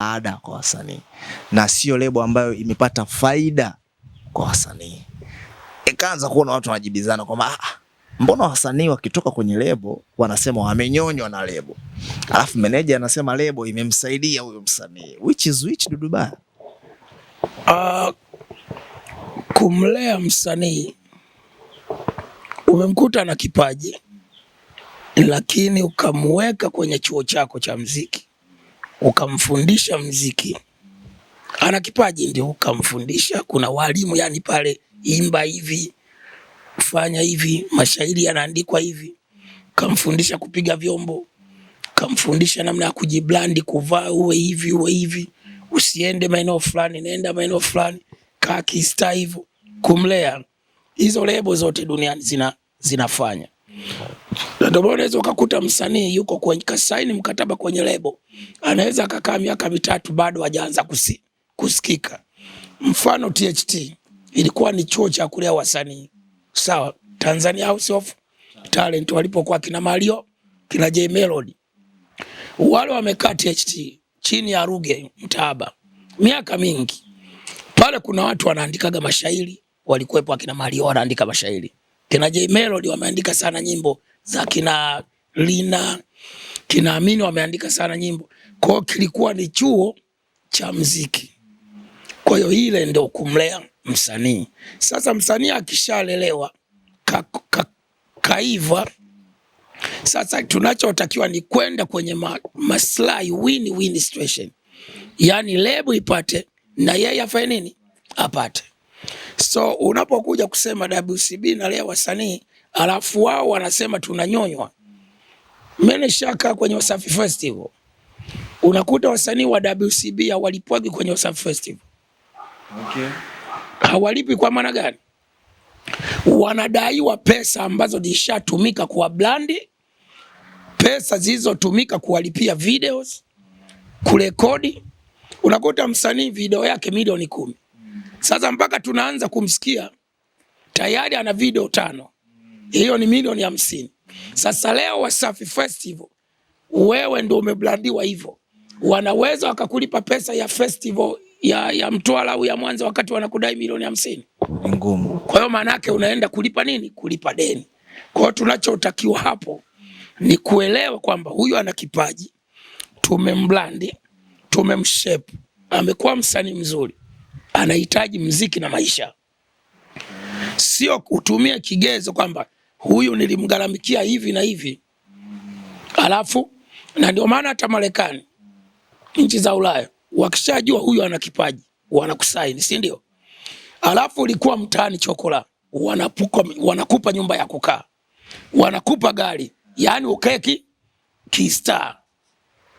ada kwa wasanii na sio lebo ambayo imepata faida kwa wasanii. Ikaanza kuona watu wanajibizana kwamba ah, ah, mbona wasanii wakitoka kwenye lebo wanasema wamenyonywa na lebo, alafu meneja anasema lebo imemsaidia huyo msanii, which is which? Dudubaya, uh, ah, kumlea msanii umemkuta na kipaji, lakini ukamweka kwenye chuo chako cha mziki ukamfundisha mziki, ana kipaji ndio ukamfundisha. Kuna walimu yani pale, imba hivi, fanya hivi, mashairi yanaandikwa hivi, kamfundisha kupiga vyombo, kamfundisha namna ya kujiblandi, kuvaa, uwe hivi uwe hivi, usiende maeneo fulani, nenda maeneo fulani, kaa kista hivyo, kumlea. Hizo lebo zote duniani zina, zinafanya ndio maana unaweza ukakuta msanii yuko kwenye kasaini mkataba kwenye lebo, anaweza akakaa miaka mitatu bado hajaanza kusi, kusikika. Mfano THT ilikuwa ni chuo cha kulea wasanii sawa, Tanzania House of Talent walipokuwa kina Mario kina J Melody, wale wamekaa THT chini ya Ruge Mtaaba miaka mingi pale. Kuna watu wanaandikaga mashairi, walikuwepo akina Mario wanaandika mashairi Kina J Melody wameandika sana nyimbo za kina Lina, kina Amini wameandika sana nyimbo. Kwa hiyo kilikuwa ni chuo cha mziki. Kwa hiyo ile ndio kumlea msanii. Sasa msanii akishalelewa ka, ka, kaiva sasa tunachotakiwa ni kwenda kwenye ma, maslahi win-win situation, yaani lebo ipate na yeye afanye nini, apate. So unapokuja kusema WCB nalea wasanii alafu wao wanasema tunanyonywa, mimi nishaka kwenye Wasafi Festival unakuta wasanii wa WCB hawalipwagi kwenye Wasafi Festival. Okay. Hawalipi kwa maana gani? Wanadaiwa pesa ambazo zishatumika kuwa brandi, pesa zilizotumika kuwalipia videos, kurekodi. Unakuta msanii video yake milioni kumi sasa mpaka tunaanza kumsikia tayari ana video tano, hiyo ni milioni hamsini. Sasa leo Wasafi Festival wewe ndo umeblandiwa hivyo, wanaweza wakakulipa pesa ya festival ya, ya Mtwara au ya Mwanza wakati wanakudai milioni hamsini? Ni ngumu. Kwa hiyo maana yake unaenda kulipa nini? Kulipa deni. Kwa hiyo tunachotakiwa hapo ni kuelewa kwamba huyu ana kipaji, tumemblandi, tumemshep, amekuwa msanii mzuri anahitaji mziki na maisha, sio kutumia kigezo kwamba huyu nilimgaramikia hivi na hivi alafu. Na ndio maana hata Marekani, nchi za Ulaya wakishajua huyu ana kipaji wanakusaini, si ndio? Alafu ulikuwa mtaani chokola, wanapuko, wanakupa nyumba ya kukaa, wanakupa gari, yani ukeki kistar,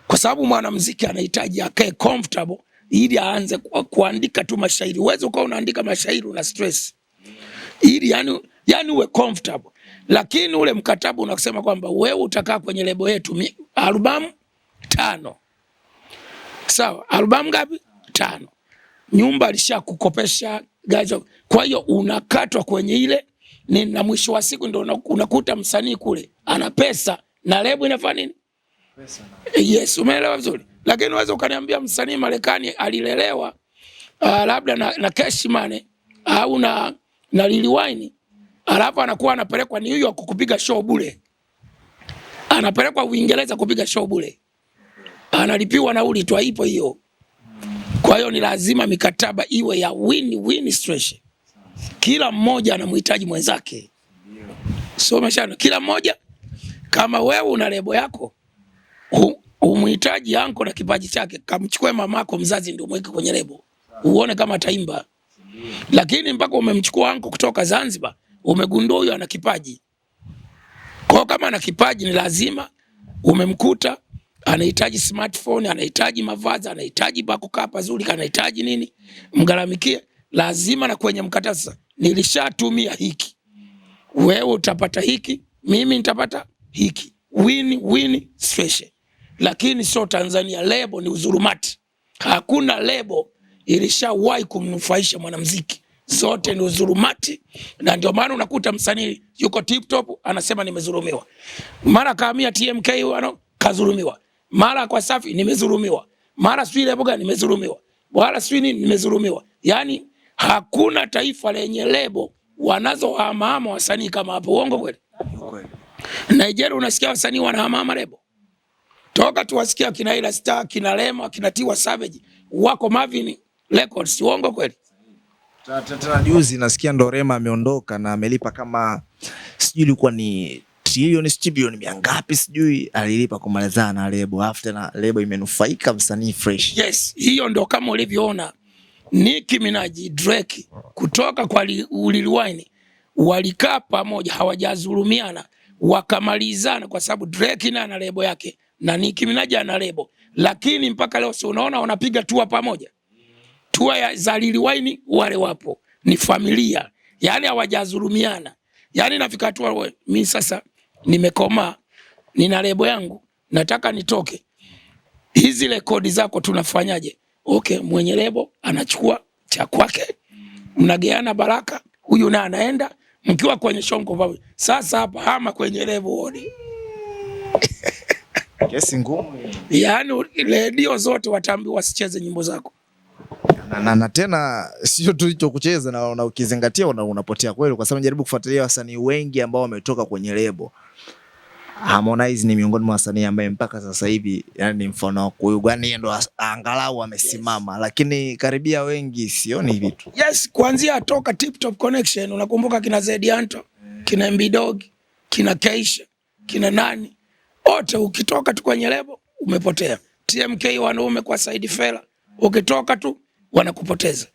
kwa sababu mwanamuziki anahitaji akae comfortable ili aanze kuandika tu mashairi. Uweze ukawa unaandika mashairi una stress, ili yani, yani uwe comfortable, lakini ule mkataba unasema kwamba wewe utakaa kwenye lebo yetu albamu tano. Sawa, albamu ngapi? Tano. Nyumba alishakukopesha gaja, kwa hiyo unakatwa kwenye ile ni, na mwisho wa siku ndio unakuta msanii kule ana pesa na lebo inafanya nini? Pesa na. Yes, umeelewa vizuri lakini unaweza ukaniambia msanii Marekani alilelewa uh, labda na, na Cash Money ah, au na, na Lil Wayne alafu anakuwa anapelekwa New York kupiga show bure, anapelekwa Uingereza kupiga show bure, analipiwa nauli tu ipo hiyo. Kwa hiyo ni lazima mikataba iwe ya win win situation, kila mmoja anamhitaji mwenzake, so umeshana, kila mmoja kama wewe una lebo yako Umhitaji anko na kipaji chake, kamchukue mamako mzazi ndio mweke kwenye lebo, uone kama ataimba. Lakini mpaka umemchukua anko kutoka Zanzibar, umegundua huyo ana kipaji. Kwa kama ana kipaji ni lazima umemkuta anahitaji smartphone, anahitaji mavazi, anahitaji bakukaa pazuri, anahitaji nini, mgaramikie lazima. Na kwenye mkatasa nilishatumia hiki, wewe utapata hiki, mimi nitapata hiki, win win situation lakini sio Tanzania. Lebo ni uzurumati. Hakuna lebo ilishawahi kumnufaisha mwanamuziki, zote ni uzurumati, na ndio maana unakuta msanii yuko tip top anasema nimezurumiwa, mara kaamia TMK wano kazurumiwa, mara kwa safi nimezurumiwa, mara sijui lebo gani nimezurumiwa, wala sijui nini nimezurumiwa. Yani hakuna taifa lenye lebo wanazo hamahama wasanii kama hapo. Uongo kweli? Nigeria unasikia wasanii wanahamahama lebo toka tuwasikia akina Ila Star, akina Lema, akina Tiwa Savage wako Marvin Records, uongo kweli? Tata juzi nasikia ndo Rema ameondoka na amelipa kama sijui ilikuwa ni trilioni sijui bilioni mia ngapi sijui alilipa kumalizana na lebo after na lebo imenufaika msanii fresh. Yes, hiyo ndo kama ulivyoona Nicki Minaj, Drake kutoka kwa Lil Wayne walikaa pamoja, hawajazulumiana wakamalizana, kwa sababu Drake na na lebo yake na Nicki Minaj ana lebo, lakini mpaka leo si unaona wanapiga tua pamoja, tua ya Zalili Wine, wale wapo ni familia, yani hawajadhulumiana. Yani nafika tu wewe, mimi sasa nimekomaa, nina lebo yangu, nataka nitoke. Hizi rekodi zako tunafanyaje? Okay, mwenye lebo anachukua cha kwake, mnageana baraka, huyu naye anaenda, mkiwa kwenye shongo pamoja. Sasa hapa hama kwenye lebo wodi Kesi ngumu. Yaani redio zote watambi wasicheze nyimbo zako. Na, na, na tena sio tu hicho kucheza na, na ukizingatia una, unapotea kweli, kwa sababu jaribu kufuatilia wasanii wengi ambao wametoka kwenye lebo. Harmonize ni miongoni mwa wasanii ambaye mpaka sasa hivi yani ni mfano wa kuigania ndo angalau amesimama, yes. Lakini karibia wengi sioni hivi tu. Yes, kuanzia atoka Tip Top Connection unakumbuka kina Zedianto, kina Mbidog, kina Keisha, kina nani wote, ukitoka tu kwenye lebo umepotea. TMK wanaume kwa Said Fela, ukitoka tu wanakupoteza.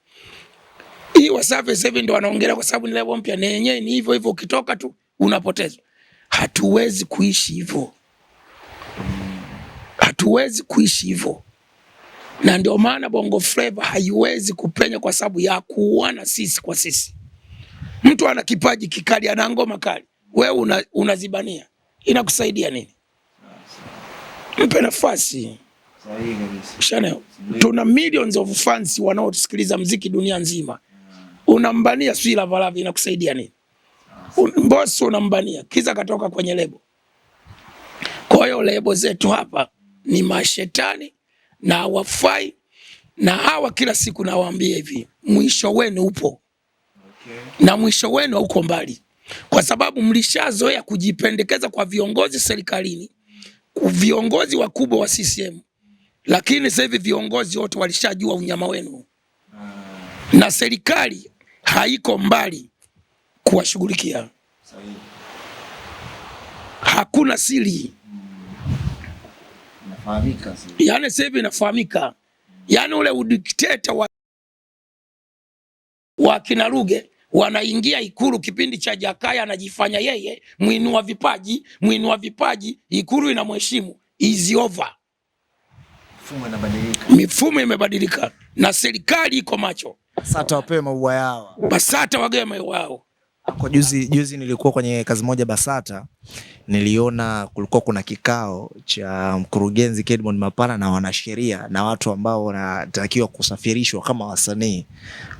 Hii Wasafi sasa hivi e ndio wanaongelea kwa sababu ni lebo mpya, na yenyewe ni hivyo hivyo, ukitoka tu unapotezwa. Hatuwezi kuishi hivyo, hatuwezi kuishi hivyo, na ndio maana Bongo Flava haiwezi kupenya kwa sababu ya kuuana sisi kwa sisi. Mtu ana kipaji kikali, ana ngoma kali, wewe unazibania, una inakusaidia nini? nipe nafasi. Sahihi, tuna millions of fans wanaotusikiliza mziki dunia nzima. Unambania sijui Lavalava inakusaidia nini? Mbosso unambania kiza katoka kwenye lebo. Kwa hiyo lebo zetu hapa ni mashetani na wafai na hawa kila siku nawaambia hivi, mwisho wenu upo Na mwisho wenu hauko mbali, kwa sababu mlishazoea kujipendekeza kwa viongozi serikalini viongozi wakubwa wa CCM, lakini sasa hivi viongozi wote walishajua unyama wenu na serikali haiko mbali kuwashughulikia. Hakuna siri, yaani sasa hivi inafahamika, yaani ule udikteta wa, wa ruge wanaingia Ikulu kipindi cha Jakaya, anajifanya yeye mwinua vipaji, mwinua vipaji, Ikulu inamheshimu. Is over. Mifumo inabadilika, mifumo imebadilika na serikali iko macho. Basata wapewe maua yao, Basata wagawe maua yao. Kwa juzi juzi nilikuwa kwenye kazi moja Basata, niliona kulikuwa kuna kikao cha mkurugenzi Kedmon Mapana na wanasheria na watu ambao wanatakiwa kusafirishwa kama wasanii,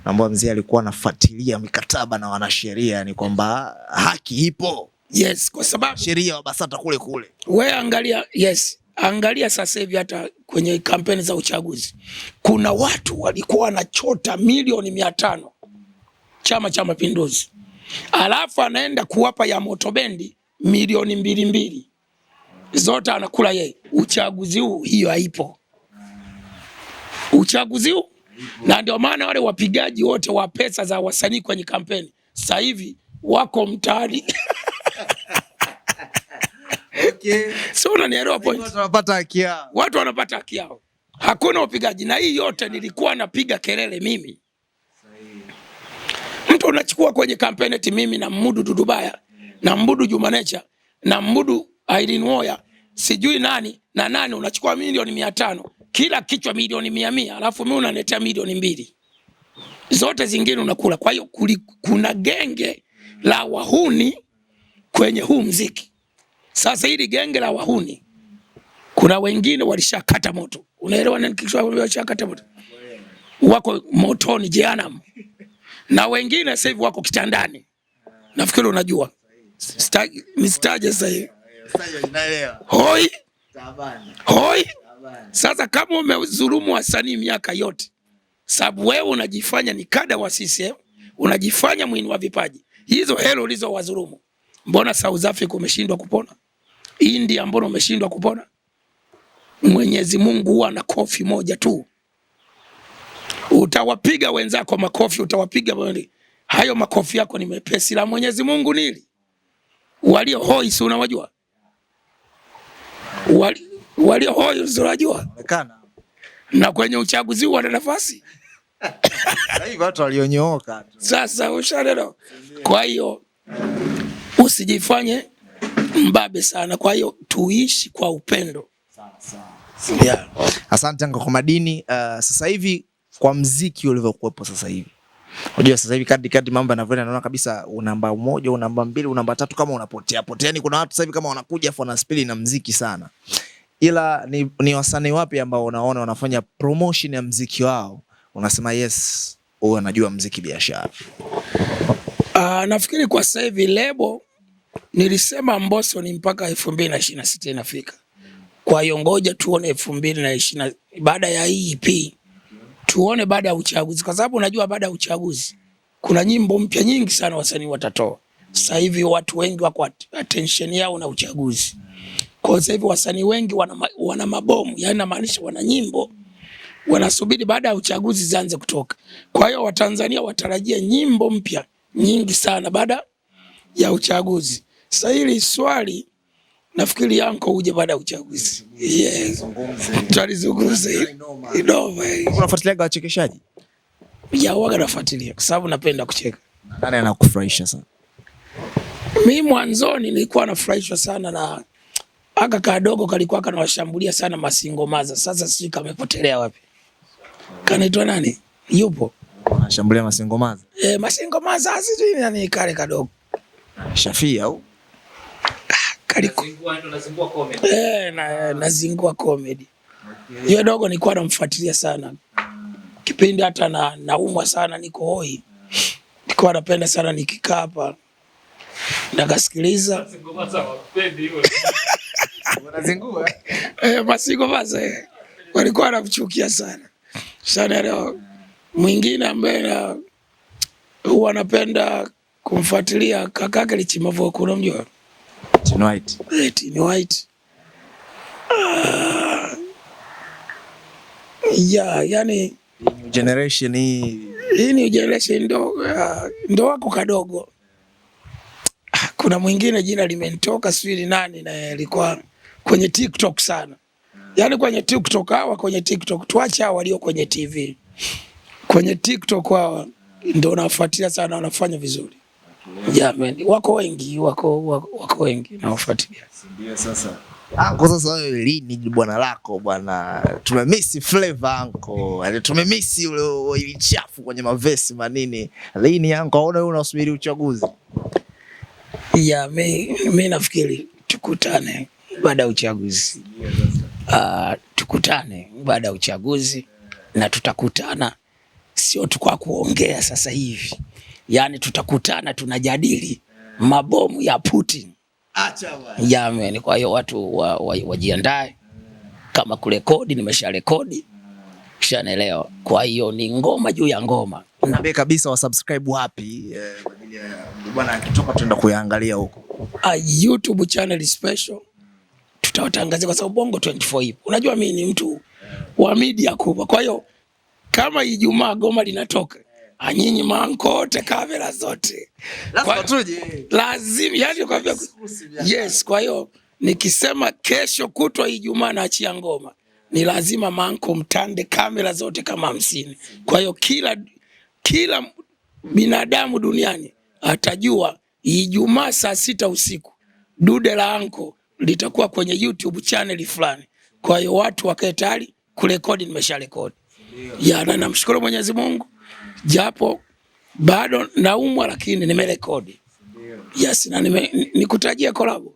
ambao mzee alikuwa anafuatilia mikataba na wanasheria, ni kwamba haki ipo. Yes, kwa sababu sheria wa Basata kule kule. We angalia, yes, angalia sasa hivi hata kwenye kampeni za uchaguzi kuna watu walikuwa wanachota milioni mia tano Chama cha Mapinduzi alafu anaenda kuwapa ya moto bendi milioni mbili mbili zote anakula ye. Uchaguzi huu hiyo haipo, uchaguzi huu na ndio maana wale wapigaji wote wa pesa za wasanii kwenye kampeni sasa hivi wako mtaani okay. So unanielewa point, watu wanapata haki yao, watu wanapata haki yao, hakuna upigaji. Na hii yote nilikuwa napiga kelele mimi mtu unachukua kwenye kampeni eti mimi na mmudu Dudubaya na mmudu Jumanecha na mmudu Irene Uwoya sijui nani na nani, unachukua milioni mia tano kila kichwa milioni mia mia, alafu mimi unaniletea milioni mbili zote zingine unakula. Kwa hiyo kuna genge la wahuni kwenye huu mziki. Sasa hili genge la wahuni, kuna wengine walishakata moto, unaelewa nani? Walishakata moto, wako motoni jehanamu na wengine sasa hivi wako kitandani, nafikiri unajua, mistaje sasa hivi hoi hoi. Sasa kama umezulumu wasanii miaka yote, sababu wewe unajifanya ni kada wa CCM, unajifanya mwini wa vipaji, hizo hela ulizo wazulumu, mbona South Africa umeshindwa kupona? India mbona umeshindwa kupona? Mwenyezi Mungu huwa na kofi moja tu utawapiga wenzako makofi, utawapiga hayo makofi yako ni mepesi la Mwenyezi Mungu nili walio hoi, si unawajua wali, walio hoi si unajua, na kwenye uchaguzi wana nafasi watu walionyooka sasa, ushaneno. Kwa hiyo usijifanye mbabe sana, kwa hiyo tuishi kwa upendo. Asante Anko Madini. Uh, sasa hivi kwa mziki ulivyokuwepo sasa hivi. Unajua sasa hivi kadri kadri mambo yanavyoenda, naona kabisa namba moja au namba mbili au namba tatu kama unapotea potea. Yani kuna watu sasa hivi kama wanakuja afu spili na mziki sana, ila ni, ni wasanii wapi ambao unaona wanafanya promotion ya mziki wao unasema yes, huyu anajua mziki biashara? Uh, nafikiri kwa sasa hivi lebo nilisema Mbosso ni mpaka elfu mbili na ishirini na sita inafika. Kwa hiyo ngoja tuone elfu mbili na ishirini baada ya hii EP tuone baada ya uchaguzi, kwa sababu unajua baada ya uchaguzi kuna nyimbo mpya nyingi sana wasanii watatoa. Sasa hivi watu wengi wako attention yao na uchaguzi. Kwa sasa hivi wasanii wengi wana, wana mabomu, yani namaanisha wana nyimbo wanasubiri baada ya uchaguzi zianze kutoka. Kwa hiyo Watanzania watarajia nyimbo mpya nyingi sana baada ya uchaguzi. Sasa hili swali nafikiri yanko uje baada ya uchaguzi. yes. Tutalizungumza unafuatilia wachekeshaji? Waga nafuatilia kwa sababu napenda kucheka. Nani anakufurahisha sana? Mimi mwanzoni nilikuwa nafurahishwa sana na aka kadogo kalikuwa kanawashambulia sana masingo maza. Sasa sijui kamepotelea wapi, kanaitwa nani yupo anashambulia masingo maza? E, eh, masingo maza sijui nani kale kadogo Shafia au kaliko eh, na nazingua comedy okay. dogo nilikuwa namfuatilia sana kipindi hata na naumwa sana, niko hoi, nilikuwa napenda sana nikikaa hapa nakasikiliza eh, basi walikuwa wanamchukia sana sana. Leo mwingine ambaye na huwa anapenda kumfuatilia kakake Lichimavoko, unamjua white, ni white, white, ni white. Ah. Ya, yani generation hii hii ni generation ndogo ah, ndo wako kadogo. Ah, kuna mwingine jina limenitoka sijui nani, na alikuwa kwenye TikTok sana, yani kwenye TikTok hawa, kwenye TikTok tuache hawa walio kwenye TV, kwenye TikTok hawa ndo nafuatilia sana, wanafanya vizuri. Jamani, yeah, wako wengi wako wako, wako wengi nawafuatilia. sasa. Anko ah, sasa wewe lini bwana lako bwana? Tumemisi flavor anko. Yaani Tumemisi ule chafu kwenye mavesi manini. Lini anko aona wewe unasubiri uchaguzi? Yeah, mi, mi nafikiri tukutane baada ya uchaguzi. Uh, tukutane baada ya uchaguzi na tutakutana sio tu kwa kuongea sasa hivi yani tutakutana tunajadili mabomu ya Putin. Acha jamani, kwa hiyo watu wajiandae wa, wa kama kurekodi, nimesha rekodi kishanaelewa Kwa hiyo ni ngoma juu ya ngoma, niambie kabisa wa subscribe wapi eh, kwa bwana akitoka tuenda kuyaangalia huko. YouTube channel special tutawatangazia kwa sababu Bongo 24 ipo. Unajua mimi ni mtu wa media kubwa, kwa hiyo kama Ijumaa goma linatoka anyinyi mankote kamera zote lazima yani kwa yaani vya... yes. Kwa hiyo nikisema kesho kutwa Ijumaa naachia ngoma, ni lazima manko mtande kamera zote kama hamsini. Kwa hiyo kila kila binadamu duniani atajua Ijumaa saa sita usiku dude la anko litakuwa kwenye YouTube channel fulani. Kwa hiyo watu wakae tayari kurekodi, nimesha rekodi yana, namshukuru Mwenyezi Mungu japo bado naumwa, lakini nimerekodi. Yes, na nime, nikutajia kolabo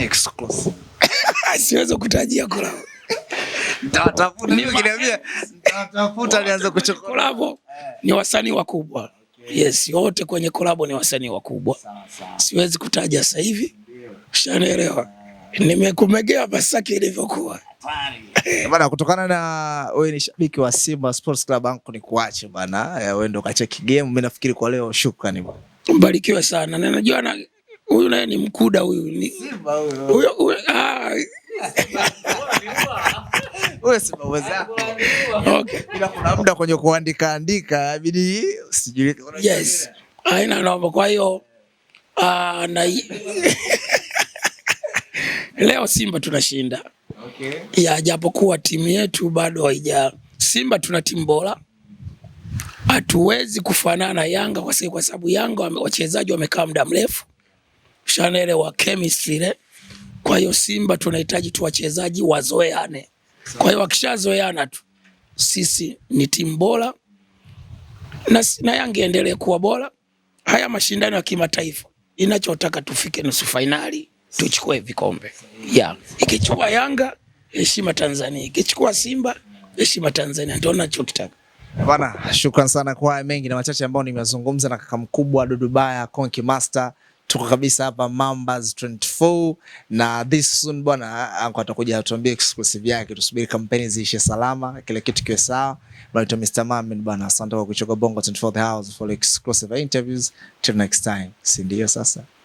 siwezi kutajia kolabo kolabo ni wasanii wakubwa okay. Yes, wote kwenye kolabo ni wasanii wakubwa, siwezi kutaja sasa hivi, Nimekumegea Basaki ilivyokuwa. Eh, bana, kutokana na wewe ni shabiki wa Simba Sports Club, angu ni kuache bana, eh, wewe ndo kacheki game. Mimi nafikiri kwa leo, shukrani bwana, mbarikiwe sana. Na najua na huyu naye ni mkuda huyu ni Simba huyo huyo, ah wewe Simba wazako. Okay, bila kuna muda kwenye kuandika andika bidi sijui. Yes, haina noma. Kwa hiyo ah na leo Simba tunashinda okay. ya japokuwa timu yetu bado haija. Simba tuna timu bora, hatuwezi kufanana na Yanga kwa sababu Yanga wachezaji wamekaa muda mrefu, wa chemistry ile. Kwa hiyo Simba tunahitaji tu wachezaji wazoeane, kwa hiyo wakishazoeana tu sisi ni timu bora na, na Yanga endelee kuwa bora. Haya mashindano ya kimataifa inachotaka tufike nusu fainali tuchukue vikombe yeah. Ikichukua Yanga heshima Tanzania, ikichukua Simba heshima Tanzania, ndio nachotaka. Bana, shukran sana kwa haya mengi na machache ambayo nimezungumza na kaka mkubwa Dudubaya Konki Master. Tuko kabisa hapa Mambas 24 na this soon bwana, anko atakuja atuambie exclusive yake. Tusubiri kampeni ziishe salama, kile kitu kiwe sawa. Bwana Mr. Mamin bwana, asante kwa kuchoka Bongo 24 the house for exclusive interviews. Till next time, si ndio sasa?